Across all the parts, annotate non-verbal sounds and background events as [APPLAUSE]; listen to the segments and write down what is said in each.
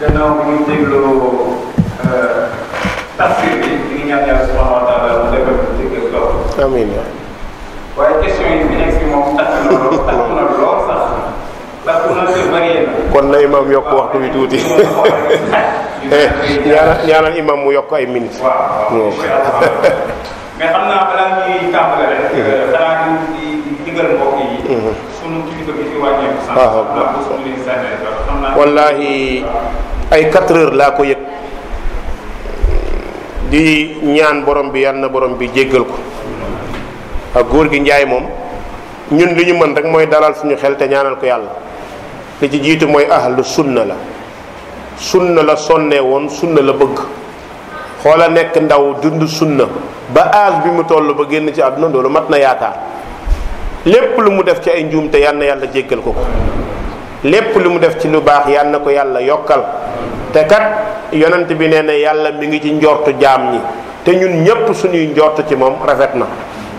gannaaw bi ñu na kon na imam yokk waxtu bi tuuti. [LAUGHS] ñaanal ñaanal imam yokk ay minutes. waaw mais xam ay 4 laa ko yëg di ñaan borom bi yàlla na borom bi jéggal ko ak góor gi njaay moom ñun li ñu mën rek mooy dalal suñu xel te ñaanal ko yàlla li ci jiitu mooy ahlu sunna la sunna la sonnee woon sunna la bëgg xoola nekk ndaw dund sunna ba âge bi mu toll ba génn ci àdduna loolu mat na yaakaar lépp lu mu def ci ay njuum te yàlla na yàlla jéggal ko ko lépp li mu def ci lu baax yàlla na ko yàlla yokkal te kat yonent bi nee na yàlla mi ngi ci njortu jaam ni te ñun ñëpp suñuy njort ci moom rafet na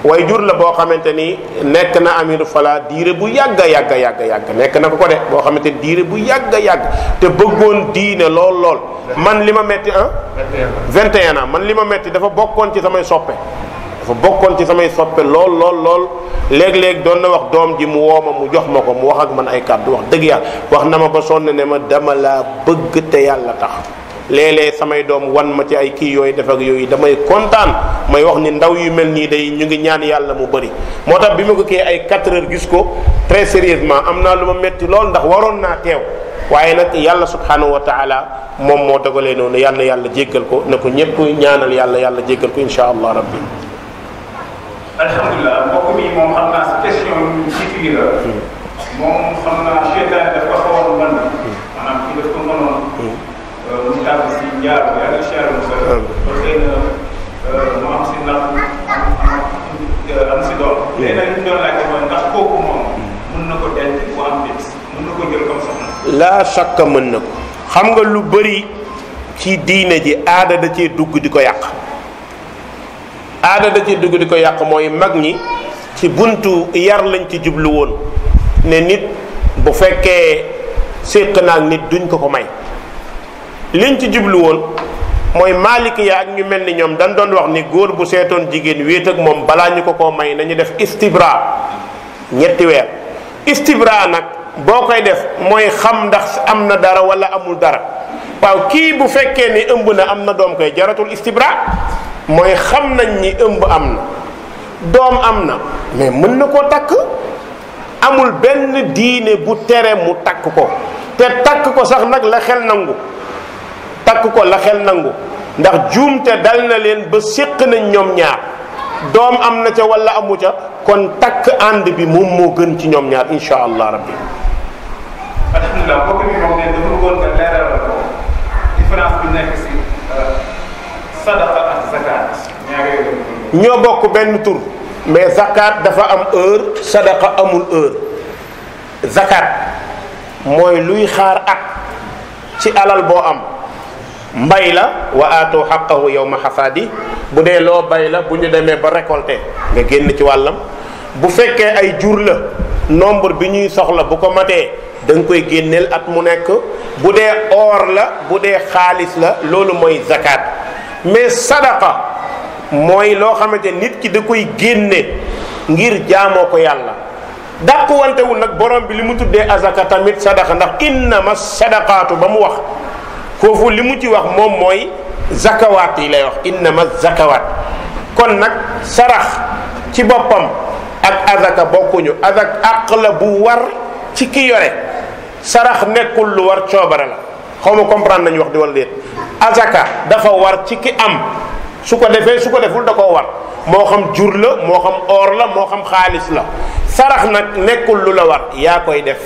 way jur la boo xamante ni nekk na amiru falaa diire bu yàgg a yàgg a yàgg yàgg nekk na ko ko de boo xamante ni diire bu yàgg a yàgg te bëggoon diine lool lool man li ma metti ah 21 ans man li ma metti dafa bokkoon ci samay soppe dafa bokkoon ci samay soppe lool lool lool léeg-léeg doon na wax doom ji mu woo ma mu jox ma ko mu wax ak man ay kàddu wax dëgg yàlla wax na ma ba sonn ne ma dama laa bëgg te yàlla tax léeg samay doom wan ma ci ay kii yooyu def ak yooyu damay kontaan may wax ni ndaw yu mel nii day ñu ngi ñaan yàlla mu bëri moo tax bi ma ko kii ay 4 gis ko très sérieusement am naa lu ma métti lool ndax waroon naa teew waaye nag yàlla subhanahu wa taala moom moo dogalee noonu yàlla yàlla jéggal ko na ko ñëpp ñaanal yàlla yàlla jéggal ko incha allah rabbi alhamdulilah mbokk mi moom xam naa si question yu jiitu yi la. moom xam naa seytaane daf ko xawoon mën. maanaam kii daf euh, mu si jaar euh, mu si doom. léegi nag li ñu doon laajte mooy ndax kooku moom. mën na ko denc bu am nit. mën na ko jël comme soxna. laa sakka mën na ko. xam nga lu bari ci diine ji aada da cee dugg di ko yàq. aada da ci dugg di ko yàq mooy mag ñi ci buntu yar lañ ci jublu woon ne nit bu fekkee séq naag nit duñ ko ko may liñ ci jublu woon mooy maalik ya ak ñu mel ni ñoom dañ doon wax ni góor bu seetoon jigéen wéet ak moom balaa ñu ko ko may nañu def istibra ñetti weer istibra nag boo koy def mooy xam ndax am na dara wala amul dara waaw kii bu fekkee ni ëmb na am na doom koy jaratul istibra mooy xam nañ ni ëmb am na doom am na mais mën na koo takk amul benn diine bu tere mu takk ko te takk ko sax nag la xel nangu takk ko la xel nangu ndax jumte dal na leen ba séq nañ ñoom ñaar doom am na ca walla amu ca kon takk ànd bi moom moo gën ci ñoom ñaar insha allah rabbi alhamdulilah bi ñoo bokk benn tur mais zakat dafa am heure sadaqa amul heure zakat mooy luy xaar at ci alal boo am mbay la wa aatoo yow yawma xasaadi bu dee loo bay la bu ñu demee ba récolter nga génn ci wàllam bu fekkee ay jur la nombre bi ñuy soxla bu ko matee danga koy génneel at mu nekk bu dee or la bu dee xaalis la loolu mooy zakat mais sadaqa mooy loo xamante nit ki da koy génne ngir jaamoo ko yàlla dàquwantewul nag borom bi li mu tuddee azaka tamit sadaqa ndax ma sadaqaatu ba mu wax foofu li mu ci wax moom mooy zakawaat yi lay wax innama zakawaat kon nag sarax ci boppam ak azaka bokkuñu azak àq la bu war ci ki yore sarax nekkul lu war coobare la xaw ma comprendre nañu wax di wala déet azaka dafa war ci ki am su ko defee su ko deful da koo war moo xam jur la moo xam or la moo xam xaalis la sarax nag nekkul lu la war yaa koy def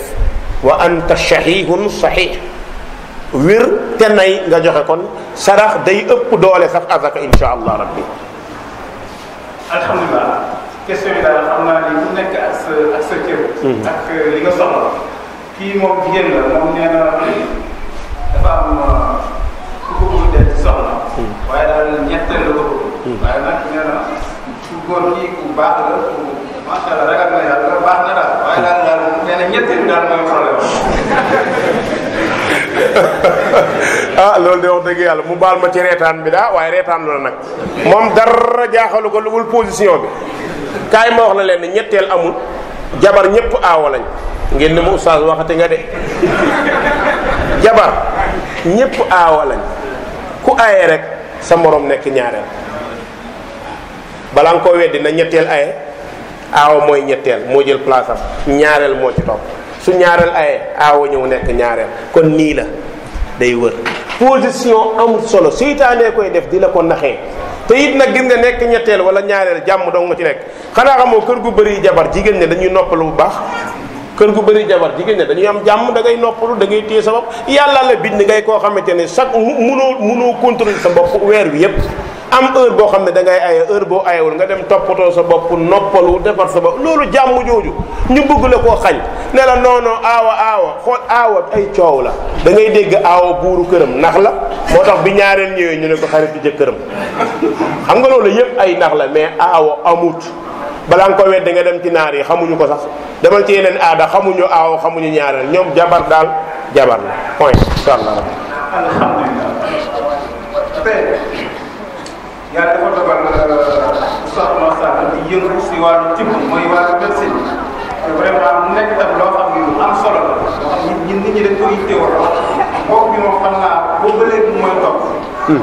wa anta shahihun sahih wér te nay nga joxe kon sarax day ëpp doole sax azaka insha allah rabbi alhamdulilah ku nekk ak sa ak sa cër hmm. ak euh, li nga soxla kii moom jigéen la dafa ah loolu de wax dëgg yàlla mu baal ma ci reetaan bi daa waaye reetaan loolu nag moom dara jaaxalu ko lu wul position bi kaay ma wax la leen ñetteel amul jabar ñépp aawa lañ ngeen ni ma oustaz waxate nga de [LAUGHS] jabar ñépp aawa lañ ku aaye rek sa moroom nekk ñaareel balaa nga koo weddi na ñetteel aye aawa mooy ñetteel moo jël place ñaareel moo ci topp su ñaareel aye aawa ñëw nekk ñaareel kon nii la day wër position amul solo seytaanee koy def di la ko naxee te it nag gis nga nekk ñetteel wala ñaareel jàmm dong nga ci nekk xanaa xamoo kër gu bëri jabar jigéen ñi dañuy noppalu bu baax kër gu bëri jabar jigéen ña dañuy am jàmm da ngay noppalu da ngay téye sa bopp yàlla la bind ngay koo xamante ne chaque munoo munoo contrôler sa bopp weer wi yëpp am heure boo xam ne da ngay aye heure boo ayewul nga dem toppatoo sa bopp noppalu defar sa bopp loolu jàmm jooju ñu bëgg la koo xañ ne la non non aawa aawa xool aawa ay coow la da ngay dégg aawa buuru këram nax la moo tax bi ñaareel ñëwee ñu ne ko xarit di jëkkëram xam nga loolu yëpp ay nax la mais aawa amut balaa nga ko wedde nga dem ci naar yi xamuñu ko sax demal ci yeneen aada xamuñu aaw xamuñu ñaareel ñoom jabar daal jabar la point soxna la. alhamdulilah. tey yàlla dafa dogal soxna Sall di yëngu si mu nekk tam loo xam ne lu am solo la loo xam ne nit ñi dañ koy xam naa boobu léegi mooy topp. Hmm.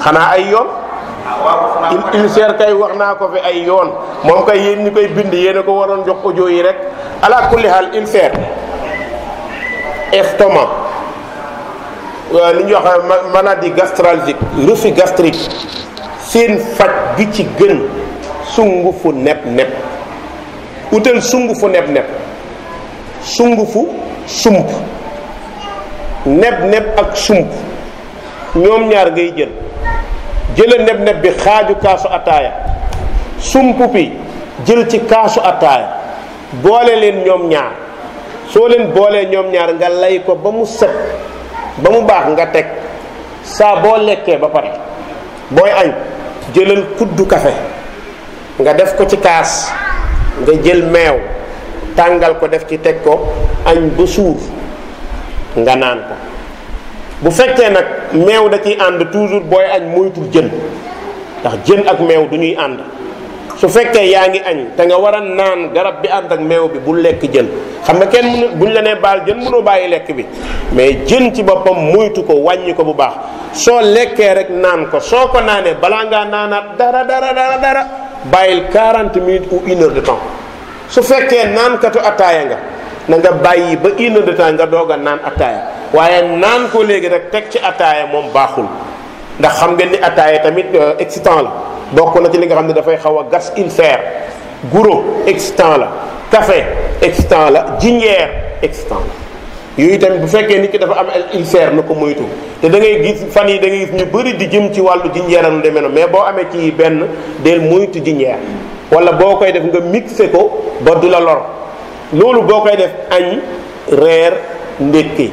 xanaa ay yoon. ulcère kay wax naa ko fi ay yoon moom kay yéen ñi koy bind yéen ko waroon jox audio yi rek ala kulli haal ulcère estomac li ñuy wax maladie gastralgique reflux gastrique seen faj gi ci gën sungufu nepp nepp utal sungufu nepp nepp sungufu sump nepp nepp ak sump ñoom ñaar ngay jël jëla neb-neb bi xaaju kaasu ataaya sump bi jël ci kaasu ataaya boole leen ñoom ñaar soo leen boolee ñoom ñaar nga lay ko ba mu set ba mu baax nga teg saa boo lekkee ba pare booy añ jëlal kuddu kafe nga def ko ci kaas nga jël meew tàngal ko def ci teg ko añ ba suur nga naan ko bu fekkee nag meew da ciy ànd toujours booy añ moytul jën ndax jën ak meew du ñuy ànd su fekkee yaa ngi añ te nga war a naan garab bi ànd ak meew bi bu lekk jën xam nga kenn mënu buñ la nee baal jën mënoo bàyyi lekk bi mais jën ci boppam moytu ko wàññi ko bu baax soo lekkee rek naan ko soo ko naanee balaa ngaa naanaat dara dara dara dara bàyyil quarante minutes ou une heure de temps su fekkee naankatu attaaya nga na nga bàyyi ba une de temps nga doog a naan attaaya waaye naan ko léegi rek teg ci ataaya moom baaxul ndax xam ngeen ni ataaya tamit euh, excitant la bokk na ci li nga xam ne dafay xaw a gas ulcère guro excitant la café excitant la jinjeer excitant la yooyu tamit bu fekkee nit ki dafa am ulcère na ko moytu te da ngay gis fan yi da ngay gis ñu bëri di jëm ci wàllu jinjeeram lu demee mais boo amee ci benn del moytu jinjeer wala boo koy def nga mixé ko ba du la loro loolu boo koy def añ reer ndékki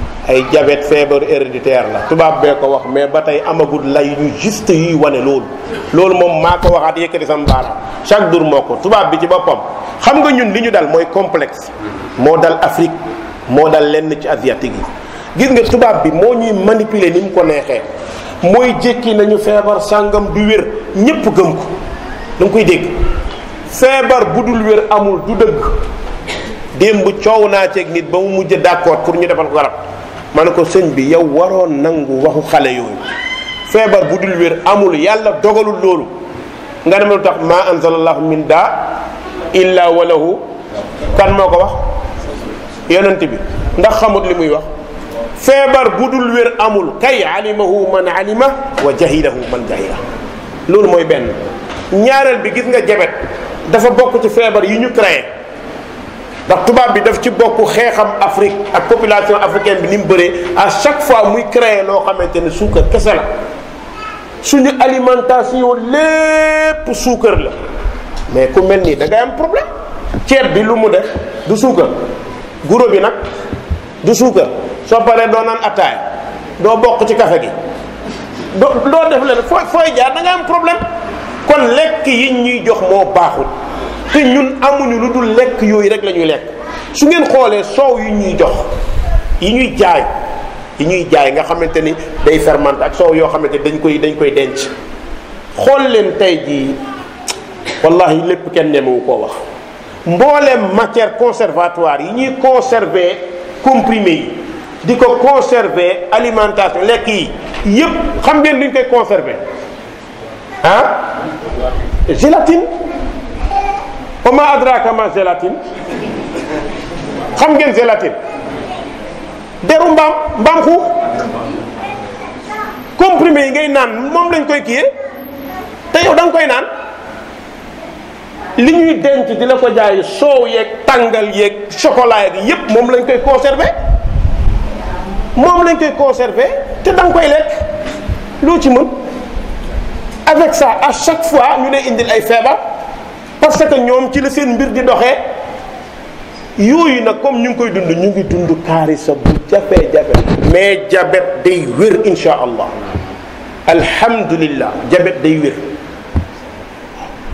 ay diabète feebar héréditaire la tubaab bee ko wax mais ba tey amagul lay yu juste yuy wane loolu loolu moom maa ko waxaat yëkkati sama baaraam chaque jour moo ko tubaab bi ci boppam xam nga ñun li ñu dal mooy complexe moo dal Afrique moo dal lenn ci asiatique yi gis nga tubaab bi moo ñuy manipuler ni mu ko neexee mooy jékki nañu feebar sàngam du wér ñépp gëm ko da nga koy dégg feebar bu dul wér amul du dëgg démb coow naa ceeg nit ba mu mujj d'accord pour ñu defal ko garab ma ne ko sëñ bi yow waroon nangu waxu xale yooyu feebar bu dul wér amul yàlla dogalul loolu nga ne ma lu tax maa anzalallahu min daa illa walahu kan moo ko wax yonent bi ndax xamut li muy wax feebar bu dul wér amul kay alimahu man alima wa jahilahu man jahila loolu mooy benn ñaareel bi gis nga jebet dafa bokk ci feebar yi ñu créé ndax tubaab bi def ci bokk xeexam Afrique ak population africaine bi ni mu bëree à chaque fois muy créer loo xamante ne suukar kese la suñu alimentation lépp suukar la mais ku mel nii da am problème ceeb bi lu mu def du suukar guro bi nag du suukar soo paree doo naan attaay doo bokk ci kafe gi doo doo def leen foo fooy jaar da am problème kon lekk yi ñuy jox moo baaxul. te ñun amuñu lu dul lekk yooyu rek la ñuy lekk su ngeen xoolee soow yu ñuy jox yi ñuy jaay yi ñuy jaay nga xamante ni day fermenté ak soow yoo xamante dañ koy dañ koy denc xool leen tey jii wallahi lépp kenn nemewu koo wax mbooleem matière conservatoire yi ñuy conserver comprimer yi di ko conserver alimentation lekk yi yépp xam ngeen duñ koy conserver ah gélatine wa ma adraka ma gélatine xam ngeen gélatine deru mbaam mbaam xuux comprimé yi ngay naan moom lañ koy kiyee te yow da koy naan li ñuy denc di la ko jaay soow yeeg tàngal yeeg chocolat yeeg yépp moom lañ koy conservé moom lañ koy conservé te da koy lekk loo ci mën avec ça à chaque fois ñu lay indil ay feebar parce que ñoom ci la seen mbir di doxee yooyu nag comme ñu ngi koy dund ñu ngi dund kaarisa bu jafe-jafe mais jabet day wér insha allah alhamdulillah jabet day wér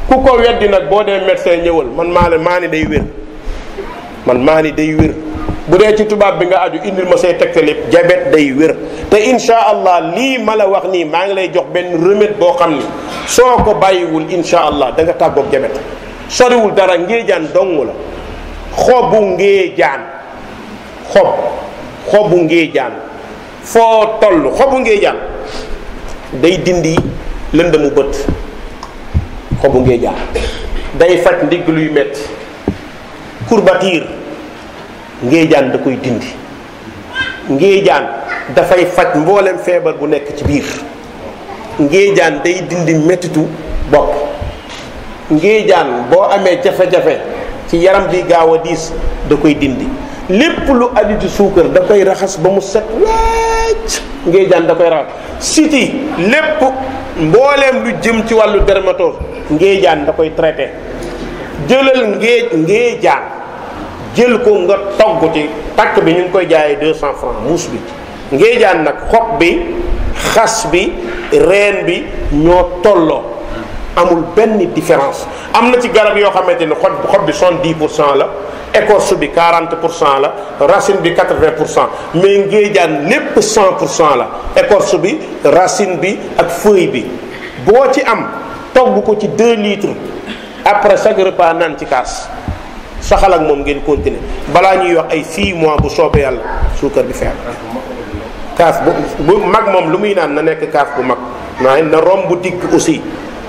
ko weddi nag boo dee médecin ñëwal man maa ne day wér man maa ni day bu dee ci tubaab bi nga aju indil ma say yëpp jabet day wér te insha allah lii ma la wax nii maa ngi lay jox benn remède boo xam ni soo ko bàyyiwul insha allah da nga tàggoog jabet soriwul dara ngéejaan dong la xobu ngéejaan xob xobu ngéejaan foo toll xobu ngéejaan day dindi lëndëmu bët xobu ngéejaan day faj ndigg luy metti courbature ngéejaan da koy dindi ngéejaan dafay faj mboolem feebar bu nekk ci biir ngéejaan day dindi mettitu bopp ngéejaan boo amee jafe-jafe ci yaram bi gaaw a diis da koy dindi lépp lu aju ci suukar da koy raxas ba mu set wecc ngéejaan da koy raxas siti lépp mbooleem lu jëm ci wàllu dermatose ngéejaan da koy traité jëlal ngéej ngéejaan jël ko nga togg ci takk bi ñu ngi koy jaayee 200 francs muus bi ngéejaan nag xob bi xas bi reen bi ñoo tolloo amul benn différence am na ci garab yoo xamante ni xob xob bi soixante-dix pour cent la écorce bi 40 pour cent la racine bi 80 pour cent mais ngéejaan lépp 100 pour cent la écorce bi racine bi ak feuille bi boo ci am togg ko ci 2 litres après chaque repas naan ci kaas saxal ak moom ngeen continuer balaa ñuy wax ay 6 mois bu soobee yàlla suukar bi feer kaas bu bu mag moom lu muy naan na nekk kaas bu mag naa na romb dikk aussi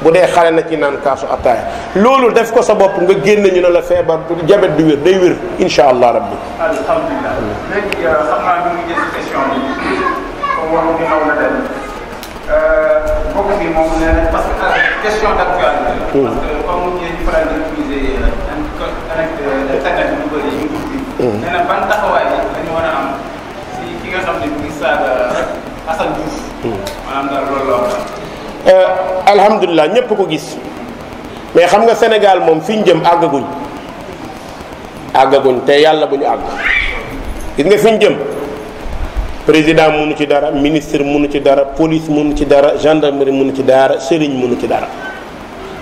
bu dee xale na ci naan kaasu ataaya loolu def ko sa bopp nga génn ñu ne la feebar jabet du wér day wér incha allah rabbi. Euh, bi comme wax euh, bi moom nee na parce que euh, question am si ki nga xam ne mu ngi saaga Assane Diouf. Hmm. maanaam daal loolu la Euh, alhamdulilah ñëpp ko gis mais xam nga Sénégal moom fi ñu jëm àggaguñ àggaguñ te yàlla bu ñu àgg gis nga fi ñu jëm président mënu ci dara ministre mënu ci dara police mënu ci dara gendarmerie mënu ci dara sëriñ munu ci dara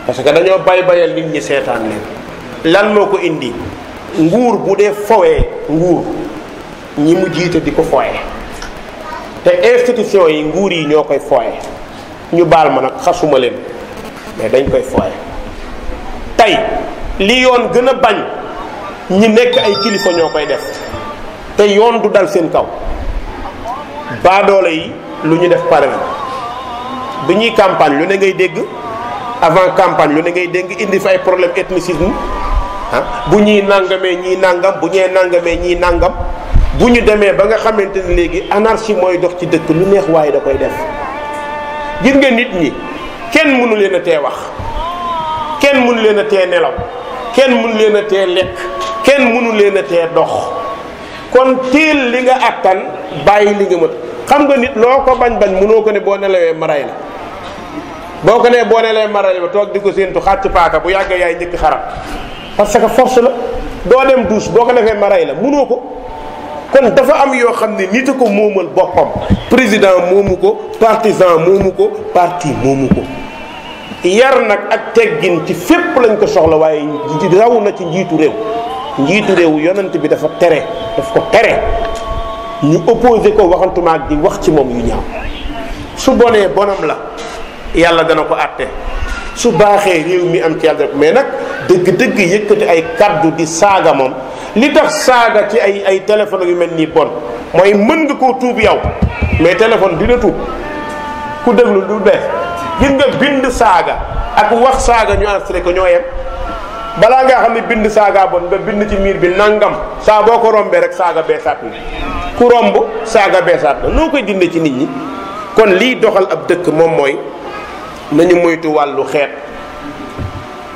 parce que dañoo bay bayal nit ñi seetaan leen lan moo ko indi nguur bu dee fowee nguur ñi mu jiita di ko fooye te institution yi nguur yi ñoo koy fooye ñu baal ma nag xasuma leen mais dañ koy fooye tey li yoon gën a bañ ñi nekk ay kilifa ñoo koy def te yoon du dal seen kaw baadoole yi lu ñu def pare na bi ñuy campagne lu ne ngay dégg avant campagne lu ne ngay dégg indi fa ay problème ethnicisme ah bu ñuy nangamee ñii nangam bu ñee nangamee ñii nangam bu ñu demee ba nga xamante ni léegi anarchie mooy dox ci dëkk lu neex waaye da koy def gis nga nit ñi kenn mënu leen a tee wax kenn mënu leen a tee nelaw kenn mënu leen a tee lekk kenn mënu leen a tee dox kon teel li nga attan bàyyi li nga mën xam nga nit loo ko bañ bañ mënoo ko ne boo nelawee maray la boo ko nee boo nelawee maray la toog di ko séentu xàcc paaka bu yàgg yaay njëkk xaram parce que force la doo dem douche boo ko defee maray la mënoo ko. kon dafa am yoo xam ne nit a ko moomal boppam président moomu ko partisan moomu ko parti moomu ko yar nag ak teggin ci fépp lañ ko soxla waaye raw na ci njiitu réew njiitu réew yonent bi dafa tere daf ko tere ñu opposé ko waxantuma ak di wax ci moom yu ñaaw su bonee bonam la yàlla dana ko àtte su baaxee réew mi am ci yàlla mais nag dëgg-dëgg yëkkati ay kaddu di saaga moom li tax saaga ci ay ay téléphone yu mel nii bon mooy mën nga koo tuub yow mais téléphone dina tuub ku déglu lu bees gis nga bind saaga ak wax saaga ñu enregistré ko ñoo yem balaa ngaa xam ne bind saaga bon nga bind ci miir bi nangam saa boo ko rombee rek saaga beesaat na ku romb saaga beesaat na noo koy dindee ci nit ñi kon lii doxal ab dëkk moom mooy nañu moytu wàllu xeet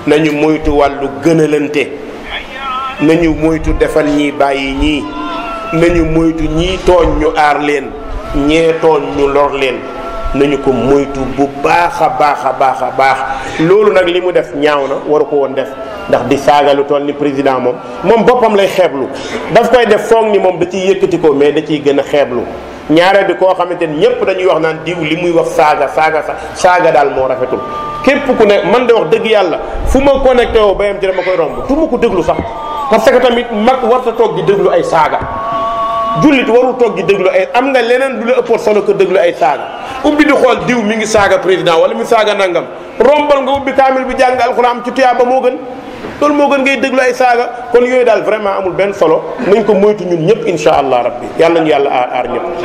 nañu moytu wàllu gënalante nañu moytu defal ñii bàyyi ñii nañu moytu ñii tooñ ñu aar leen ñee tooñ ñu lor leen nañu ko moytu bu baax a baax a baax a baax loolu nag li mu def ñaaw na waru ko woon def ndax di saaga lu toll ni président moom moom boppam lay xeeblu daf koy def foog ni moom da ciy yëkkati ko mais da ciy gën a xeeblu ñaaree bi koo xamante ni ñëpp dañuy wax naan diw li muy wax saaga saaga saaga daal moo rafetul képp ku ne man de wax dëgg yàlla fu ma connecté woo ba yam ci dama koy romb du ko déglu sax. parce que tamit mag warta toog di déglu ay saaga jullit warul toog di déglu ay am nga leneen du la ëppoon solo ko déglu ay saaga ubbi di xool diw mi ngi saaga président wala mi saaga nangam rombal nga ubbi kaamil bi jàng alxuraan am ci tuyaaba moo gën loolu moo gën ngay déglu ay saaga kon yooyu daal vraiment amul benn solo nañ ko moytu ñun ñëpp incha allah rabbi yàlla ñu yàlla aar aar ñëpp